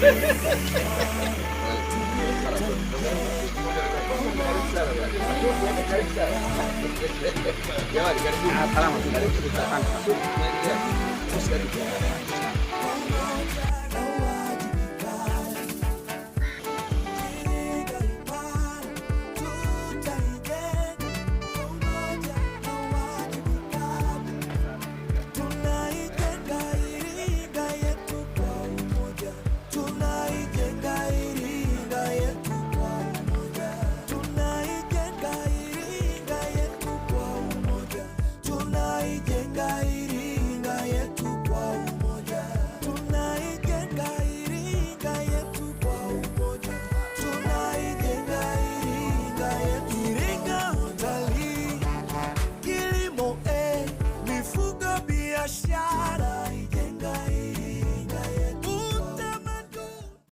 Ya, ya, ya, ya,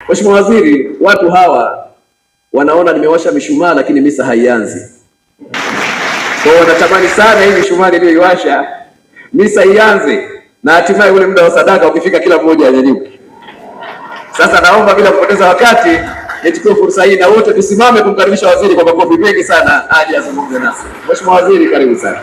Mheshimiwa Waziri, watu hawa wanaona nimewasha mishumaa lakini misa haianzi. Kwa hiyo wanatamani sana hii mishumaa niliyoiwasha misa ianze na hatimaye ule muda wa sadaka ukifika kila mmoja anyanyuke. Sasa naomba bila kupoteza wakati nichukue fursa hii na wote tusimame kumkaribisha waziri kwa makofi mengi sana aje azungumze nasi. Mheshimiwa Waziri, karibu sana.